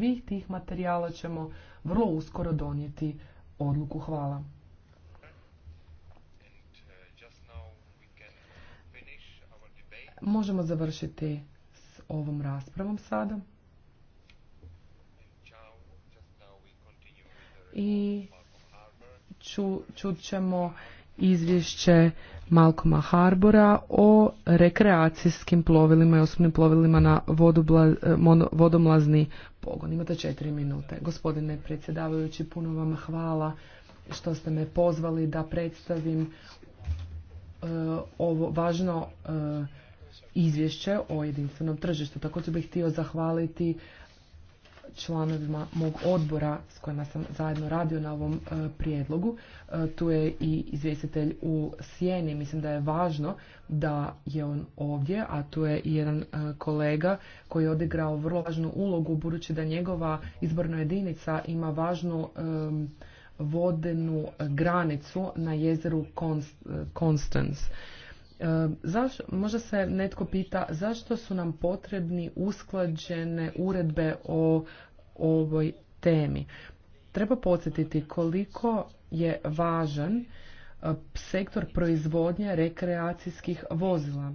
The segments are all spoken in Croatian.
svih tih materijala ćemo vrlo uskoro donijeti odluku. Hvala. Možemo završiti s ovom raspravom sada. I čut ćemo izvješće Malcoma Harbora o rekreacijskim plovilima i osobnim plovilima na vodobla, vodomlazni pogon. Imate četiri minute. Gospodine predsjedavajući, puno vam hvala što ste me pozvali da predstavim eh, ovo važno eh, izvješće o jedinstvenom tržištu. Također bih htio zahvaliti članovima mog odbora s kojima sam zajedno radio na ovom e, prijedlogu. E, tu je i izvjestitelj u Sjeni. Mislim da je važno da je on ovdje, a tu je i jedan e, kolega koji je odigrao vrlo važnu ulogu budući da njegova izborna jedinica ima važnu vodenu granicu na jezeru Constance. Zaš, možda se netko pita zašto su nam potrebni usklađene uredbe o ovoj temi. Treba podsjetiti koliko je važan e, sektor proizvodnje rekreacijskih vozila.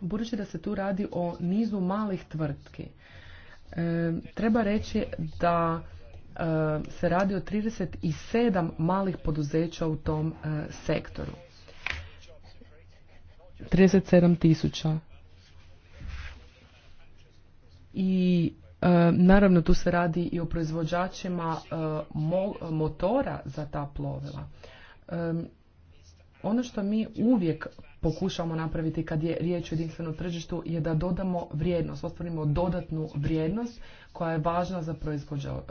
Budući da se tu radi o nizu malih tvrtki, e, treba reći da e, se radi o 37 malih poduzeća u tom sektoru. 37 tisuća. I E, naravno, tu se radi i o proizvođačima e, motora za ta plovila. E, ono što mi uvijek pokušamo napraviti kad je riječ o jedinstvenom tržištu je da dodamo vrijednost, ostvarimo dodatnu vrijednost koja je važna za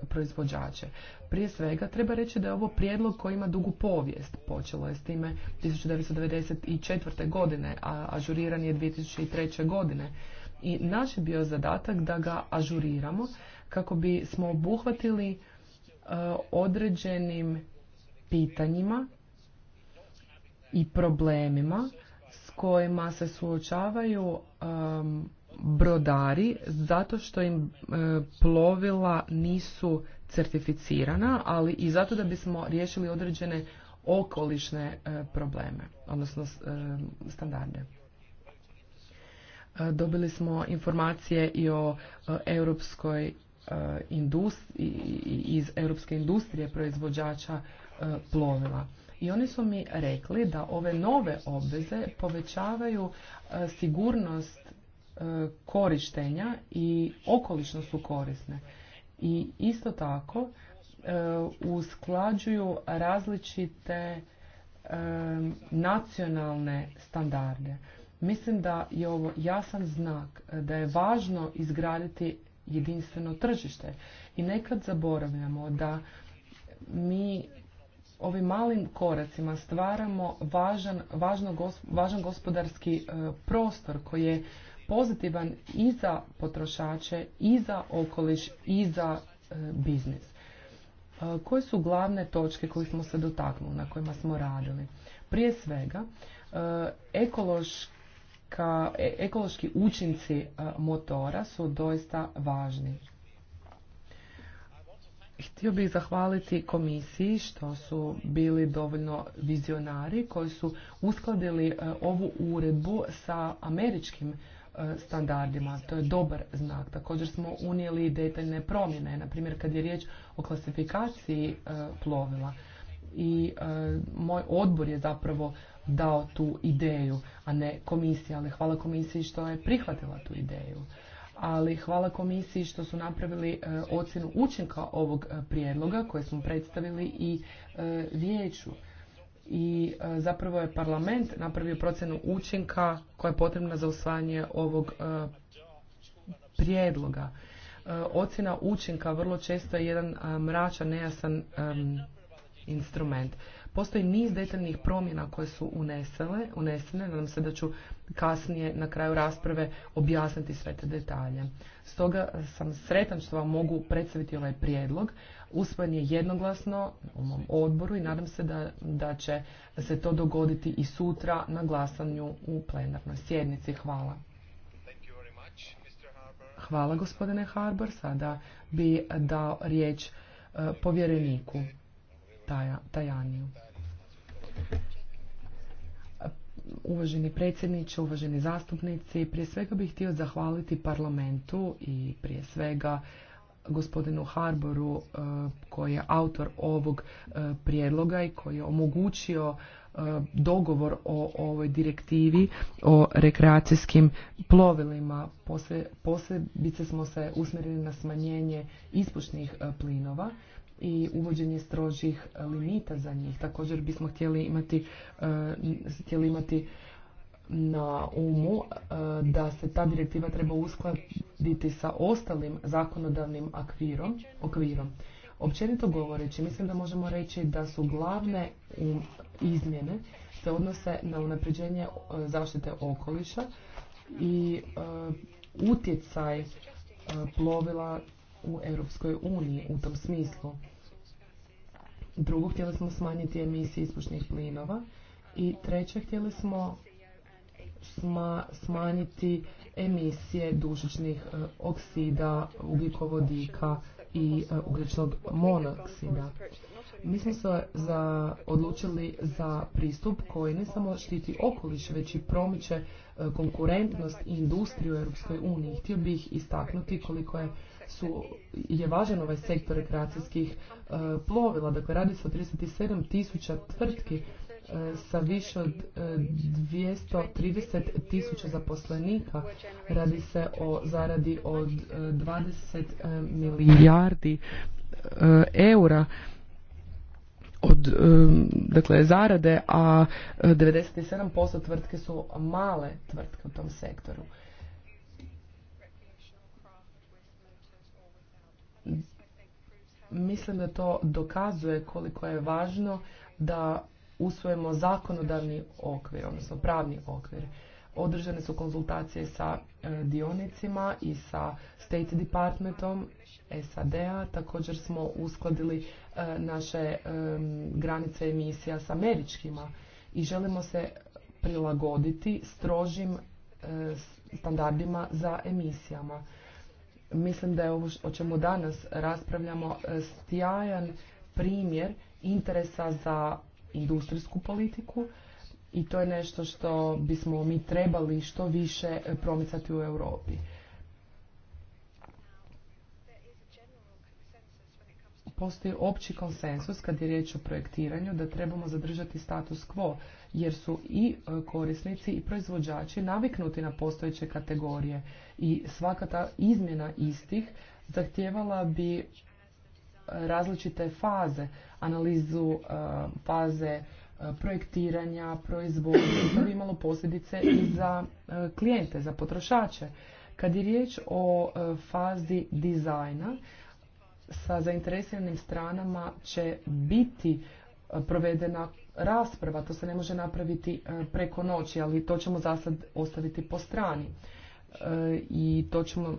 proizvođače. Prije svega treba reći da je ovo prijedlog koji ima dugu povijest. Počelo je s time 1994. godine, a ažuriran je 2003. godine. I naš je bio zadatak da ga ažuriramo kako bi smo obuhvatili e, određenim pitanjima i problemima s kojima se suočavaju e, brodari zato što im e, plovila nisu certificirana, ali i zato da bismo riješili određene okolišne probleme, odnosno standarde. E, dobili smo informacije i o e, europskoj e, iz europske industrije proizvođača plovila. I oni su mi rekli da ove nove obveze povećavaju sigurnost korištenja i okolišno su korisne. I isto tako usklađuju različite nacionalne standarde. Mislim da je ovo jasan znak e, da je važno izgraditi jedinstveno tržište i nekad zaboravljamo da mi ovim malim koracima stvaramo važan, važno, važan gospodarski e, prostor koji je pozitivan i za potrošače, i za okoliš, i za e, biznis. Koje su glavne točke koje smo se dotaknuli, na kojima smo radili? Prije svega, ekološki ka e, ekološki učinci e, motora su doista važni. Htio bih zahvaliti komisiji što su bili dovoljno vizionari koji su uskladili e, ovu uredbu sa američkim standardima. To je dobar znak. Također smo unijeli detaljne promjene, na primjer kad je riječ o klasifikaciji plovila. I moj odbor je zapravo dao tu ideju, a ne komisija, ali hvala komisiji što je prihvatila tu ideju. Ali hvala komisiji što su napravili e, ocjenu učinka ovog e, prijedloga koje smo predstavili i e, vijeću. I zapravo je parlament napravio procjenu učinka koja je potrebna za usvajanje ovog prijedloga. Ocjena učinka vrlo često je jedan mračan, nejasan instrument. Postoji niz detaljnih promjena koje su unesene, nadam se da ću kasnije na kraju rasprave objasniti sve te detalje. Stoga sam sretan što vam mogu predstaviti ovaj prijedlog. Usvojen je jednoglasno u mom odboru i nadam se da, da će se to dogoditi i sutra na glasanju u plenarnoj sjednici. Hvala. Hvala gospodine Harbor, Sada bi dao riječ e, povjereniku. Tajaniju. Uvaženi predsjedniče, uvaženi zastupnici, prije svega bih htio zahvaliti parlamentu i prije svega gospodinu Harboru eh, koji je autor ovog eh, prijedloga i koji je omogućio eh, dogovor o ovoj direktivi o rekreacijskim plovilima. Posebice smo se usmjerili na smanjenje ispušnih plinova i uvođenje strožih limita za njih. Također bismo htjeli imati, eh, htjeli imati na umu eh, da se ta direktiva treba uskladiti sa ostalim zakonodavnim okvirom. Općenito govoreći, mislim da možemo reći da su glavne izmjene se odnose na unapređenje eh, zaštite okoliša i utjecaj plovila u Europskoj uniji u tom smislu. Drugo, htjeli smo smanjiti emisije ispušnih plinova. I treće, htjeli smo smanjiti emisije dušičnih e, oksida, ugljikovodika i e, ugljičnog monoksida. Mi smo se za, odlučili za pristup koji ne samo štiti okoliš, već i promiče e, konkurentnost i industriju u EU. Htio bih istaknuti koliko je su, je važan ovaj sektor rekreacijskih e, plovila. Dakle, radi se o 37 tisuća tvrtki e, sa više od uh, e, 230 tisuća zaposlenika. Radi se o zaradi od 20 milijardi eura od dakle zarade, a 97% tvrtke su male tvrtke u tom sektoru. Mislim da to dokazuje koliko je važno da usvojimo zakonodavni okvir, odnosno pravni okvir. Održane su konzultacije sa e, dionicima i sa State Departmentom SAD-a. Također smo uskladili e, naše e, granice emisija s američkima i želimo se prilagoditi strožim standardima za emisijama. Mislim da je ovo o čemu danas raspravljamo e, stjajan primjer interesa za industrijsku politiku i to je nešto što bismo mi trebali što više promicati u Europi. postoji opći konsensus kad je riječ o projektiranju da trebamo zadržati status quo jer su i e, korisnici i proizvođači naviknuti na postojeće kategorije i svaka ta izmjena istih zahtijevala bi e, različite faze, analizu e, faze projektiranja, proizvodnje, to bi imalo posljedice i za klijente, za potrošače. Kad je riječ o fazi dizajna, sa zainteresiranim stranama će biti e, provedena rasprava. To se ne može napraviti e, preko noći, ali to ćemo za sad ostaviti po strani e, i to ćemo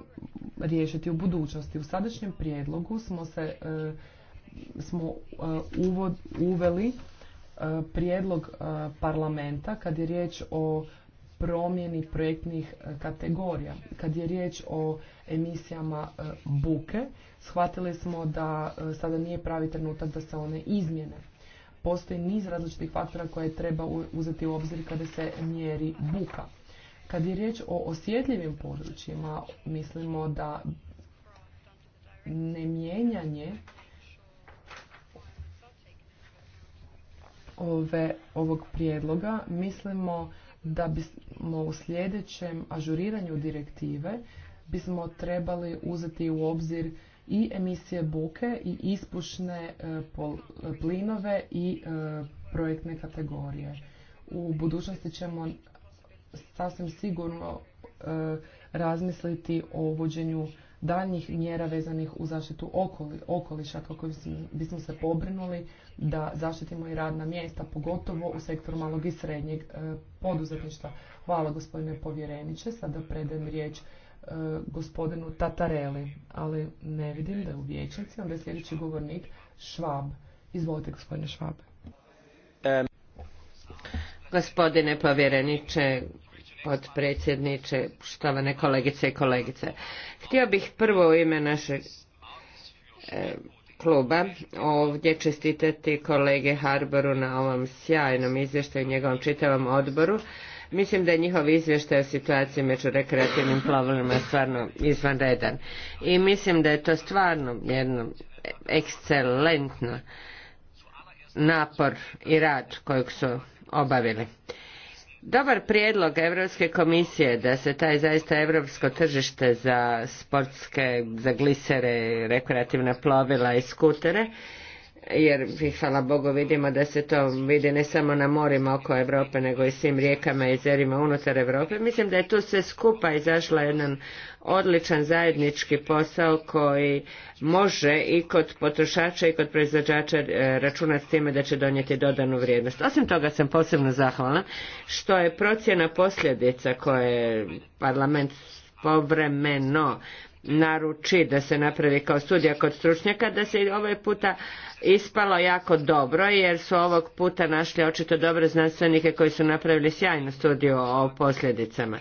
riješiti u budućnosti. U sadašnjem prijedlogu smo se smo uveli prijedlog parlamenta kad je riječ o promjeni projektnih e, kategorija. Kad je riječ o emisijama e, buke, shvatili smo da e, sada nije pravi trenutak da se one izmjene. Postoji niz različitih faktora koje treba uzeti u obzir kada se mjeri buka. Kad je riječ o osjetljivim područjima, mislimo da ne ove, ovog prijedloga mislimo da bismo u sljedećem ažuriranju direktive bismo trebali uzeti u obzir i emisije buke i ispušne e, plinove i e, projektne kategorije. U budućnosti ćemo sasvim sigurno e, razmisliti o uvođenju daljnjih mjera vezanih u zaštitu okoli, okoliša kako bismo se pobrinuli da zaštitimo i radna mjesta, pogotovo u sektoru malog i srednjeg e, poduzetništva. Hvala gospodine povjereniče. Sada predajem riječ e, gospodinu Tatareli, ali ne vidim da je u vijećnici. Onda je sljedeći govornik Švab. Izvolite gospodine Švab. Gospodine povjereniče, potpredsjedniče, štovane kolegice i kolegice. Htio bih prvo u ime našeg e, kluba ovdje čestitati kolege Harboru na ovom sjajnom izvještaju, njegovom čitavom odboru. Mislim da je njihov izvještaj o situaciji među rekreativnim plovilima stvarno izvanredan. I mislim da je to stvarno jedno ekscelentno napor i rad kojeg su obavili. Dobar prijedlog Europske komisije da se taj zaista europsko tržište za sportske, za glisere, rekreativna plovila i skutere jer hvala Bogu vidimo da se to vidi ne samo na morima oko Europe nego i svim rijekama i jezerima unutar Europe. Mislim da je tu sve skupa izašla jedan odličan zajednički posao koji može i kod potrošača i kod proizvođača e, računati s time da će donijeti dodanu vrijednost. Osim toga sam posebno zahvalna što je procjena posljedica koje parlament povremeno naruči da se napravi kao studija kod stručnjaka da se i ovaj puta ispalo jako dobro jer su ovog puta našli očito dobre znanstvenike koji su napravili sjajnu studiju o posljedicama.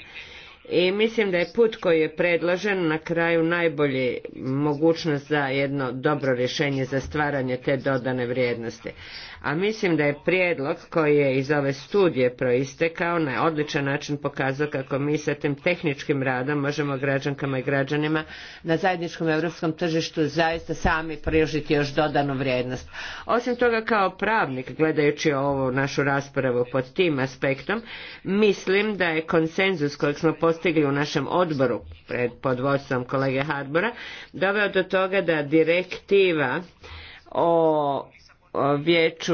I mislim da je put koji je predložen na kraju najbolji mogućnost za jedno dobro rješenje za stvaranje te dodane vrijednosti a mislim da je prijedlog koji je iz ove studije proistekao na odličan način pokazao kako mi sa tim tehničkim radom možemo građankama i građanima na zajedničkom europskom tržištu zaista sami priložiti još dodanu vrijednost. Osim toga kao pravnik gledajući ovu našu raspravu pod tim aspektom mislim da je konsenzus kojeg smo postigli u našem odboru pred pod kolege Harbora doveo do toga da direktiva o vijeću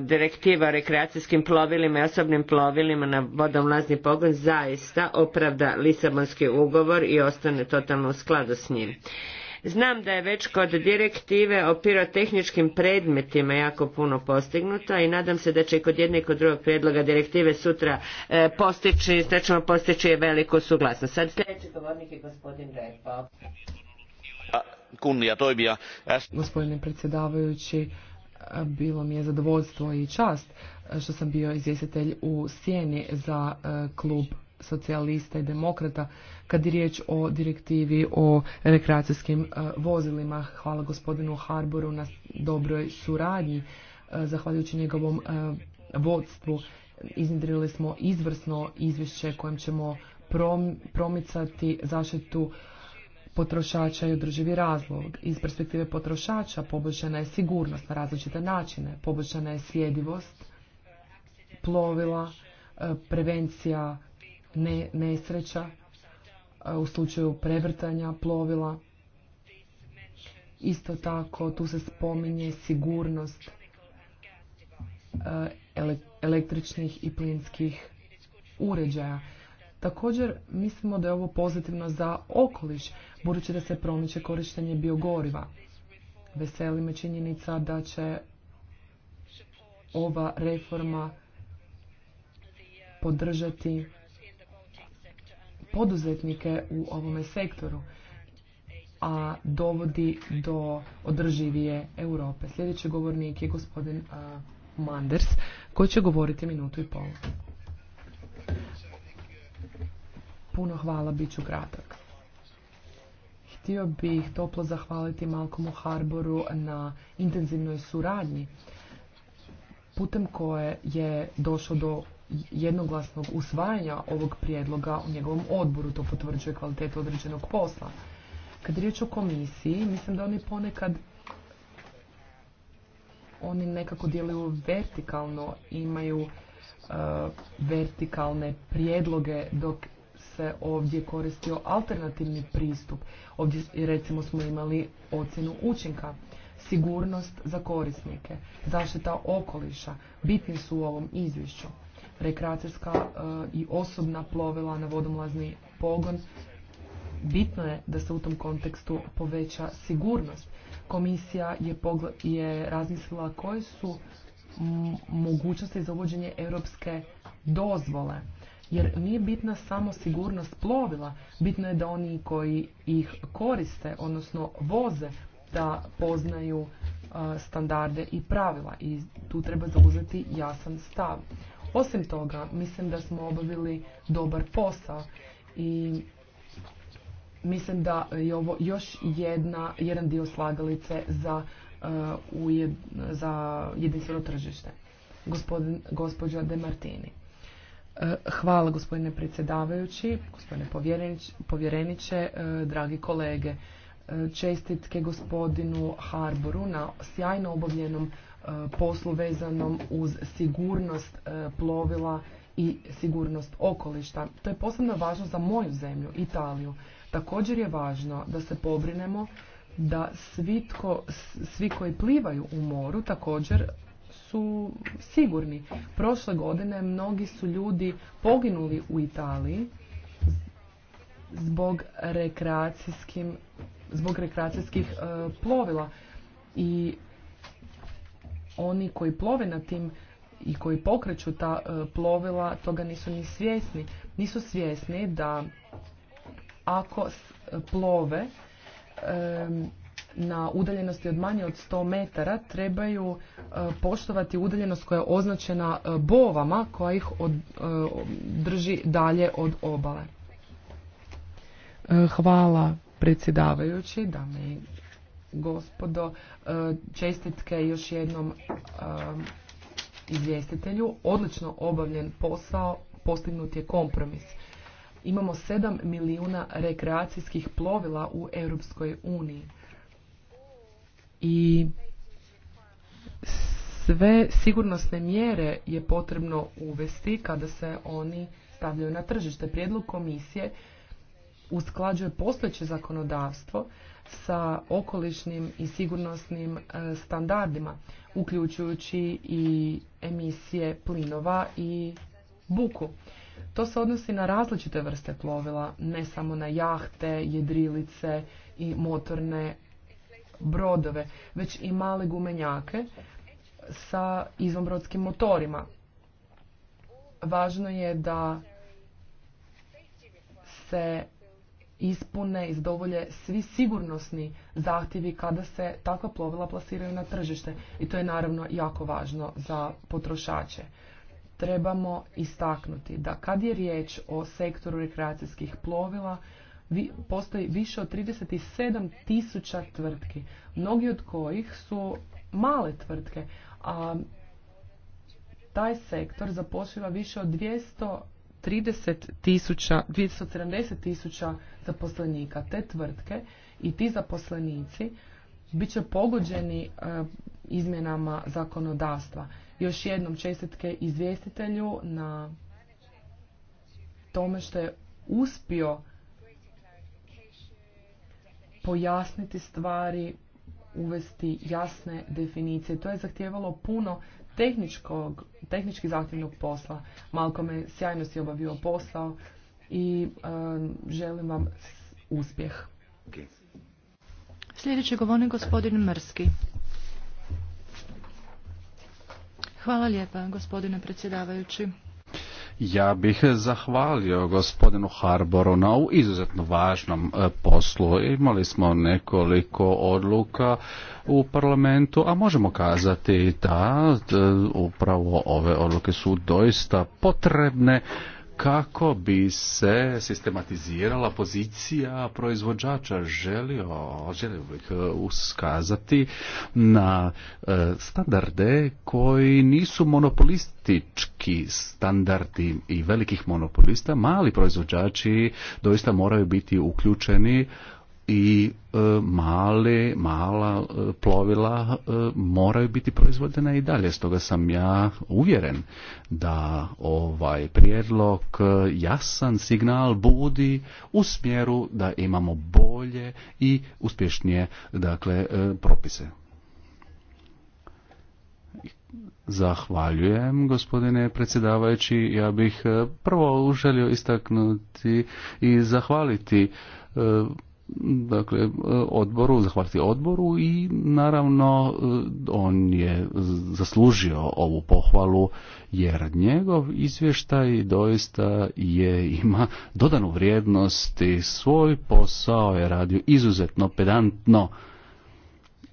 direktiva o rekreacijskim plovilima i osobnim plovilima na vodomlazni pogon zaista opravda Lisabonski ugovor i ostane totalno u skladu s njim. Znam da je već kod direktive o pirotehničkim predmetima jako puno postignuto i nadam se da će i kod jedne i kod drugog prijedloga direktive sutra e, postići, da ćemo postići veliku suglasnost. Sad sljedeći govornik je gospodin Repo. Gospodine predsjedavajući, bilo mi je zadovoljstvo i čast što sam bio izvjestitelj u sjeni za e, klub socijalista i demokrata kad je riječ o direktivi o rekreacijskim e, vozilima. Hvala gospodinu Harboru na dobroj suradnji. E, zahvaljujući njegovom vodstvu iznjedrili smo izvrsno izvješće kojim ćemo promicati zaštitu potrošača i održivi razlog. Iz perspektive potrošača poboljšana je sigurnost na različite načine, poboljšana je sjedivost plovila, e, prevencija nesreća e, u slučaju prevrtanja plovila. Isto tako tu se spominje sigurnost e, električnih i plinskih uređaja. Također mislimo da je ovo pozitivno za okoliš, budući da se promiče korištenje biogoriva. Veseli me činjenica da će ova reforma podržati poduzetnike u ovome sektoru, a dovodi do održivije Europe. Sljedeći govornik je gospodin Manders, koji će govoriti minutu i pol. Puno hvala, bit ću kratak. Htio bih toplo zahvaliti Malcolmu Harboru na intenzivnoj suradnji putem koje je došlo do jednoglasnog usvajanja ovog prijedloga u njegovom odboru. To potvrđuje kvalitetu određenog posla. Kad riječ o komisiji, mislim da oni ponekad oni nekako djeluju vertikalno, imaju e, vertikalne prijedloge dok se ovdje koristio alternativni pristup. Ovdje recimo smo imali ocjenu učinka, sigurnost za korisnike, zaštita okoliša, bitni su u ovom izvješću. Rekreacijska e, i osobna plovila na vodomlazni pogon. Bitno je da se u tom kontekstu poveća sigurnost. Komisija je, je razmislila koje su mogućnosti za uvođenje europske dozvole jer nije bitna samo sigurnost plovila, bitno je da oni koji ih koriste, odnosno voze, da poznaju e, standarde i pravila i tu treba zauzeti jasan stav. Osim toga, mislim da smo obavili dobar posao i mislim da je ovo još jedna, jedan dio slagalice za, uh, za jedinstveno tržište. Gospodin, gospođa De Martini. Eh, hvala gospodine predsjedavajući, gospodine povjereniče, eh, dragi kolege. Eh, čestitke gospodinu Harboru na sjajno obavljenom poslu vezanom uz sigurnost plovila i sigurnost okolišta. To je posebno važno za moju zemlju, Italiju. Također je važno da se pobrinemo da svi, svi koji plivaju u moru također su sigurni. Prošle godine mnogi su ljudi poginuli u Italiji zbog rekreacijskim zbog rekreacijskih e, plovila i oni koji plove na tim i koji pokreću ta e, plovila toga nisu ni svjesni nisu svjesni da ako e, plove na udaljenosti od manje od 100 metara trebaju e, poštovati udaljenost koja je označena e, bovama koja ih e, drži dalje od obale. Hvala predsjedavajući, dame i gospodo. Čestitke još jednom izvjestitelju. Odlično obavljen posao, postignut je kompromis. Imamo 7 milijuna rekreacijskih plovila u Europskoj uniji i sve sigurnosne mjere je potrebno uvesti kada se oni stavljaju na tržište. Prijedlog komisije usklađuje postojeće zakonodavstvo sa okolišnim i sigurnosnim e, standardima, uključujući i emisije plinova i buku. To se odnosi na različite vrste plovila, ne samo na jahte, jedrilice i motorne brodove, već i male gumenjake sa izvanbrodskim motorima. Važno je da se ispune, i zadovolje svi sigurnosni zahtjevi kada se takva plovila plasiraju na tržište. I to je naravno jako važno za potrošače. Trebamo istaknuti da kad je riječ o sektoru rekreacijskih plovila, postoji više od 37 tisuća tvrtki, mnogi od kojih su male tvrtke, a taj sektor zapošljiva više od 230 tisuća, 270 tisuća zaposlenika. Te tvrtke i ti zaposlenici bit će pogođeni e, izmjenama zakonodavstva. Još jednom čestitke izvjestitelju na tome što je uspio pojasniti stvari, uvesti jasne definicije. To je zahtijevalo puno tehničkog, tehnički zahtjevnog posla. Malko me sjajno si obavio posao i želim vam uspjeh. Sljedeći govornik gospodin Mrski. Hvala lijepa gospodine predsjedavajući. Ja bih zahvalio gospodinu Harboru na ovu izuzetno važnom e, poslu. Imali smo nekoliko odluka u parlamentu, a možemo kazati da upravo ove odluke su doista potrebne kako bi se sistematizirala pozicija proizvođača želio, želio bih e, uskazati na e, standarde koji nisu monopolistički standardi i velikih monopolista, mali proizvođači doista moraju biti uključeni i e, male, mala e, plovila e, moraju biti proizvodena i dalje. Stoga sam ja uvjeren da ovaj prijedlog jasan signal budi u smjeru da imamo bolje i uspješnije dakle, propise. Zahvaljujem, gospodine predsjedavajući. Ja bih prvo želio istaknuti i zahvaliti dakle e, odboru, zahvaliti odboru i naravno e, on je zaslužio ovu pohvalu jer njegov izvještaj doista je ima dodanu vrijednost i svoj posao je radio izuzetno pedantno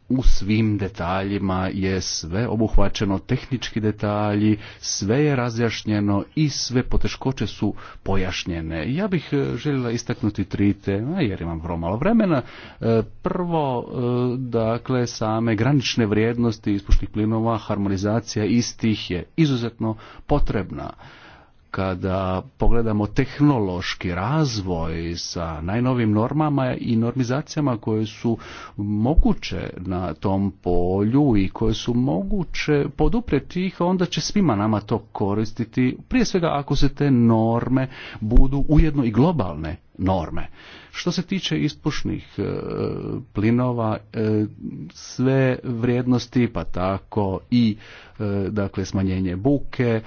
u svim detaljima je sve obuhvaćeno, tehnički detalji, sve je razjašnjeno i sve poteškoće su pojašnjene. Ja bih e, željela istaknuti tri tema jer imam vrlo malo vremena. E, prvo, e, dakle, same granične vrijednosti ispušnih plinova, harmonizacija istih je izuzetno potrebna kada pogledamo tehnološki razvoj sa najnovim normama i normizacijama koje su moguće na tom polju i koje su moguće poduprijeti ih, onda će svima nama to koristiti, prije svega ako se te norme budu ujedno i globalne norme. Što se tiče ispušnih e, plinova, e, sve vrijednosti, pa tako i e, dakle smanjenje buke,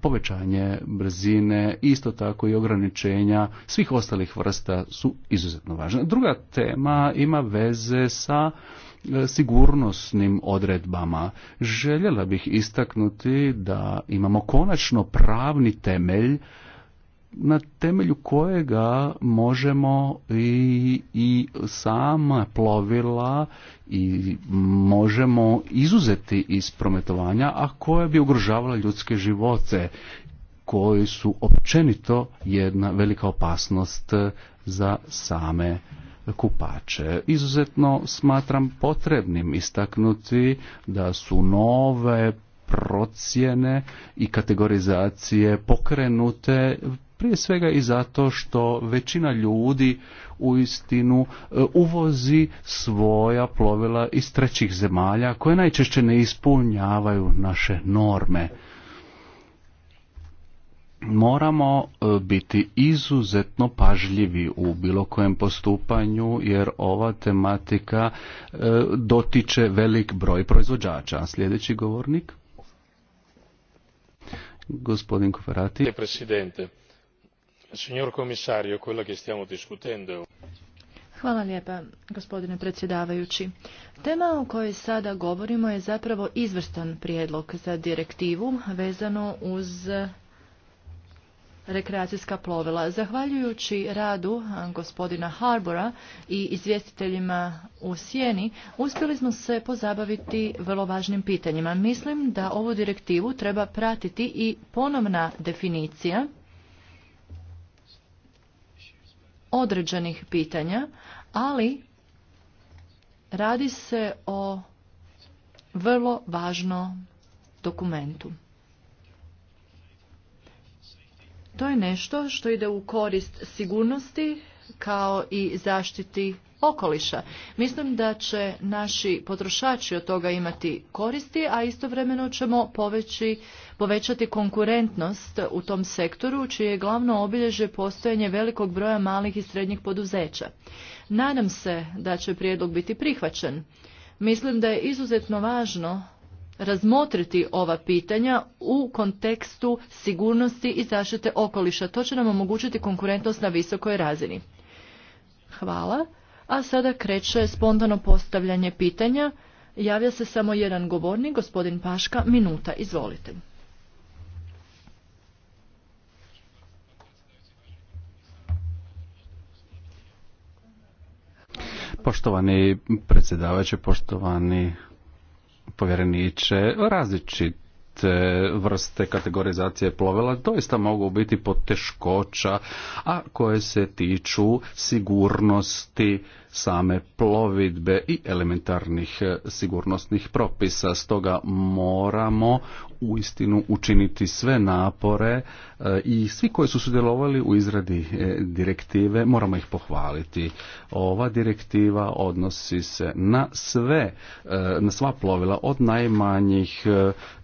povećanje brzine, isto tako i ograničenja svih ostalih vrsta su izuzetno važne. Druga tema ima veze sa sigurnosnim odredbama. Željela bih istaknuti da imamo konačno pravni temelj na temelju kojega možemo i, i sama plovila i možemo izuzeti iz prometovanja, a koja bi ugrožavala ljudske živote koji su općenito jedna velika opasnost za same kupače. Izuzetno smatram potrebnim istaknuti da su nove procjene i kategorizacije pokrenute prije svega i zato što većina ljudi u istinu e, uvozi svoja plovila iz trećih zemalja koje najčešće ne ispunjavaju naše norme moramo e, biti izuzetno pažljivi u bilo kojem postupanju jer ova tematika e, dotiče velik broj proizvođača. Sljedeći govornik. Gospodin Koferati. Presidente, Hvala lijepa, gospodine predsjedavajući. Tema o kojoj sada govorimo je zapravo izvrstan prijedlog za direktivu vezano uz rekreacijska plovila. Zahvaljujući radu gospodina Harbora i izvjestiteljima u Sjeni, uspjeli smo se pozabaviti vrlo važnim pitanjima. Mislim da ovu direktivu treba pratiti i ponovna definicija određenih pitanja, ali radi se o vrlo važnom dokumentu. To je nešto što ide u korist sigurnosti kao i zaštiti okoliša. Mislim da će naši potrošači od toga imati koristi, a istovremeno ćemo poveći, povećati konkurentnost u tom sektoru, čije je glavno obilježje postojanje velikog broja malih i srednjih poduzeća. Nadam se da će prijedlog biti prihvaćen. Mislim da je izuzetno važno razmotriti ova pitanja u kontekstu sigurnosti i zaštite okoliša. To će nam omogućiti konkurentnost na visokoj razini. Hvala. A sada kreće spondano postavljanje pitanja. Javlja se samo jedan govornik, gospodin Paška, minuta, izvolite. Poštovani predsjedavajući, poštovani povjereniče, različit te vrste kategorizacije plovila doista mogu biti poteškoća, a koje se tiču sigurnosti same plovidbe i elementarnih e, sigurnosnih propisa. Stoga moramo uistinu učiniti sve napore e, i svi koji su sudjelovali u izradi e, direktive moramo ih pohvaliti. Ova direktiva odnosi se na sve, na sva plovila od najmanjih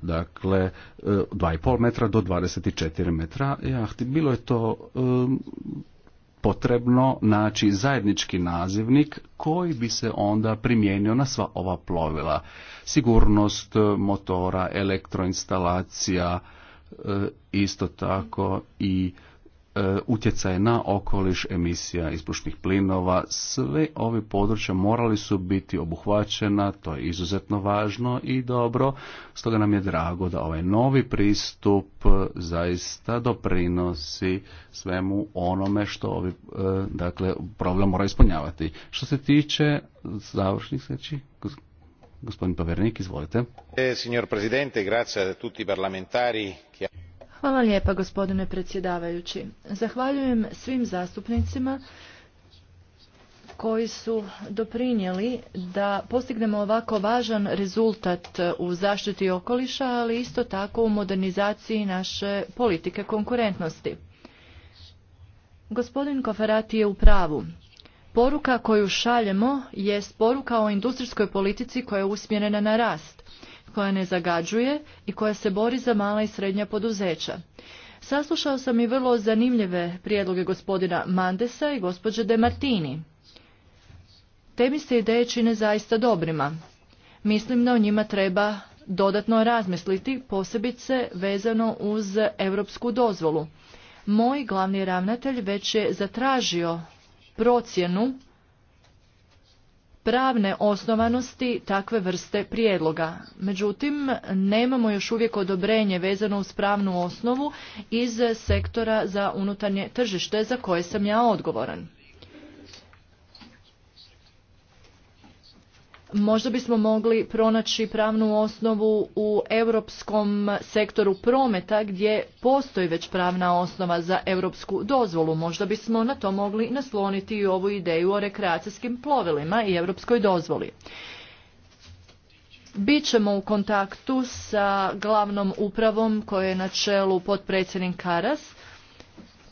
dakle 2,5 metra do 24 metra jahti. Bilo je to potrebno naći zajednički nazivnik koji bi se onda primijenio na sva ova plovila. Sigurnost motora, elektroinstalacija, e, isto tako i E, utjecaje na okoliš, emisija ispušnih plinova, sve ovi područja morali su biti obuhvaćena, to je izuzetno važno i dobro, stoga nam je drago da ovaj novi pristup zaista doprinosi svemu onome što ovi, e, dakle, problem mora ispunjavati. Što se tiče završnih sveći, gospodin Pavernik, izvolite. E, signor Presidente, grazie a tutti parlamentari. Hvala lijepa gospodine predsjedavajući. Zahvaljujem svim zastupnicima koji su doprinijeli da postignemo ovako važan rezultat u zaštiti okoliša, ali isto tako u modernizaciji naše politike konkurentnosti. Gospodin Koferati je u pravu. Poruka koju šaljemo je poruka o industrijskoj politici koja je usmjerena na rast koja ne zagađuje i koja se bori za mala i srednja poduzeća. Saslušao sam i vrlo zanimljive prijedloge gospodina Mandesa i gospođe De Martini. Te mi se ideje čine zaista dobrima. Mislim da o njima treba dodatno razmisliti, posebice vezano uz europsku dozvolu. Moj glavni ravnatelj već je zatražio procjenu pravne osnovanosti takve vrste prijedloga. Međutim, nemamo još uvijek odobrenje vezano uz pravnu osnovu iz sektora za unutarnje tržište za koje sam ja odgovoran. Možda bismo mogli pronaći pravnu osnovu u europskom sektoru prometa gdje postoji već pravna osnova za europsku dozvolu. Možda bismo na to mogli nasloniti i ovu ideju o rekreacijskim plovilima i europskoj dozvoli. Bićemo u kontaktu sa glavnom upravom koje je na čelu potpredsjednik Karas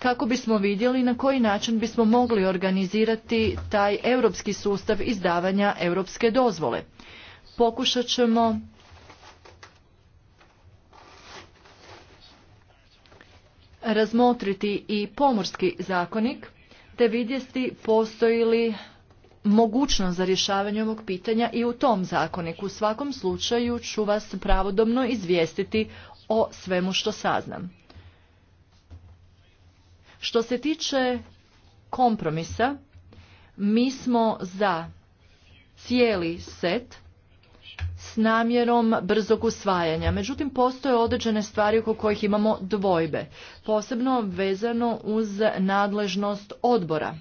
kako bismo vidjeli na koji način bismo mogli organizirati taj europski sustav izdavanja europske dozvole. Pokušat ćemo razmotriti i pomorski zakonik te vidjeti postoji li mogućnost za rješavanje ovog pitanja i u tom zakoniku. U svakom slučaju ću vas pravodobno izvijestiti o svemu što saznam. Što se tiče kompromisa, mi smo za cijeli set s namjerom brzog usvajanja. Međutim, postoje određene stvari oko kojih imamo dvojbe, posebno vezano uz nadležnost odbora.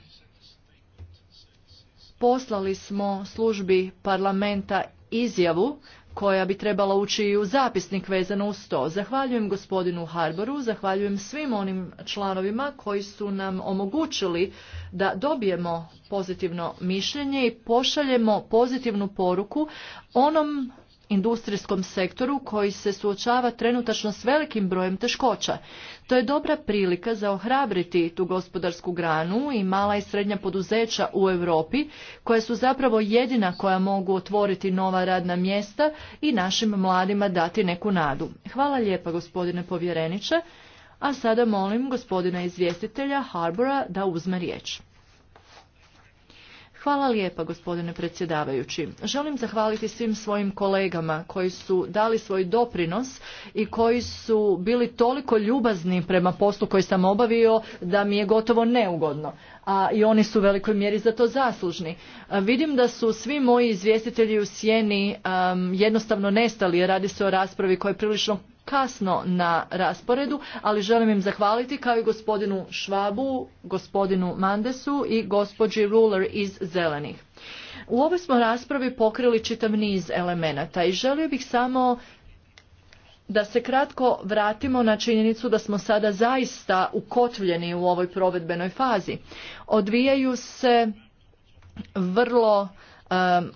Poslali smo službi parlamenta izjavu koja bi trebala ući i u zapisnik vezano uz to. Zahvaljujem gospodinu Harboru, zahvaljujem svim onim članovima koji su nam omogućili da dobijemo pozitivno mišljenje i pošaljemo pozitivnu poruku onom industrijskom sektoru koji se suočava trenutačno s velikim brojem teškoća. To je dobra prilika za ohrabriti tu gospodarsku granu i mala i srednja poduzeća u Europi koja su zapravo jedina koja mogu otvoriti nova radna mjesta i našim mladima dati neku nadu. Hvala lijepa gospodine povjereniče, a sada molim gospodina izvjestitelja Harbora da uzme riječ. Hvala lijepa gospodine predsjedavajući. Želim zahvaliti svim svojim kolegama koji su dali svoj doprinos i koji su bili toliko ljubazni prema poslu koji sam obavio da mi je gotovo neugodno. A i oni su u velikoj mjeri za to zaslužni. vidim da su svi moji izvjestitelji u sjeni jednostavno nestali jer radi se o raspravi koja je prilično kasno na rasporedu, ali želim im zahvaliti kao i gospodinu Švabu, gospodinu Mandesu i gospođi Ruler iz Zelenih. U ovoj smo raspravi pokrili čitav niz elemenata i želio bih samo da se kratko vratimo na činjenicu da smo sada zaista ukotvljeni u ovoj provedbenoj fazi. Odvijaju se vrlo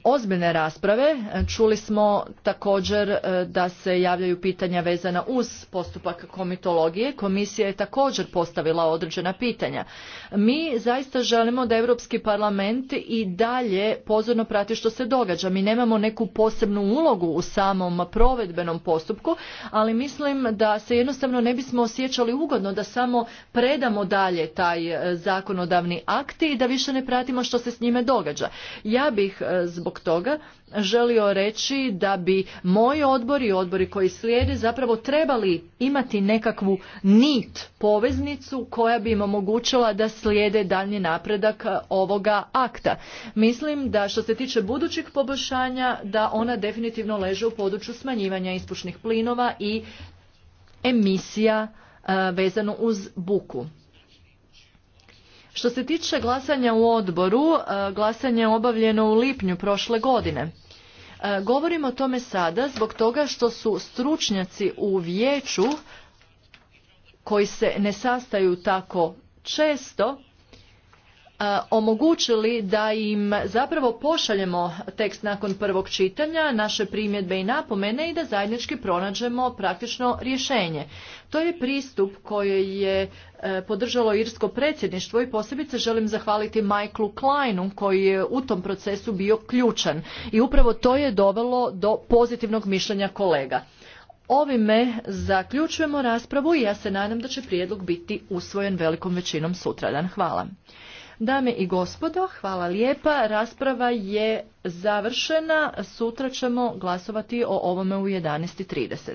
ozbiljne rasprave. Čuli smo također e, da se javljaju pitanja vezana uz postupak komitologije. Komisija je također postavila određena pitanja. Mi zaista želimo da Europski parlament i dalje pozorno prati što se događa. Mi nemamo neku posebnu ulogu u samom provedbenom postupku, ali mislim da se jednostavno ne bismo osjećali ugodno da samo predamo dalje taj e, zakonodavni akt i da više ne pratimo što se s njime događa. Ja bih E, zbog toga želio reći da bi moji odbori i odbori koji slijede zapravo trebali imati nekakvu nit poveznicu koja bi im omogućila da slijede daljnji napredak e, ovoga akta. Mislim da što se tiče budućih poboljšanja da ona definitivno leže u području smanjivanja ispušnih plinova i emisija e, vezano uz buku. Što se tiče glasanja u odboru, e, glasanje je obavljeno u lipnju prošle godine. E, Govorimo o tome sada zbog toga što su stručnjaci u vijeću koji se ne sastaju tako često E, omogućili da im zapravo pošaljemo tekst nakon prvog čitanja, naše primjedbe i napomene i da zajednički pronađemo praktično rješenje. To je pristup koji je e, podržalo irsko predsjedništvo i posebice želim zahvaliti Michaelu Kleinu koji je u tom procesu bio ključan i upravo to je dovelo do pozitivnog mišljenja kolega. Ovime zaključujemo raspravu i ja se nadam da će prijedlog biti usvojen velikom većinom sutradan. Hvala. Dame i gospodo, hvala lijepa. Rasprava je završena. Sutra ćemo glasovati o ovome u 11.30.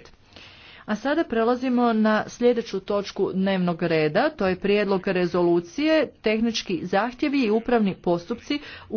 A sada prelazimo na sljedeću točku dnevnog reda, to je prijedlog rezolucije, tehnički zahtjevi i upravni postupci u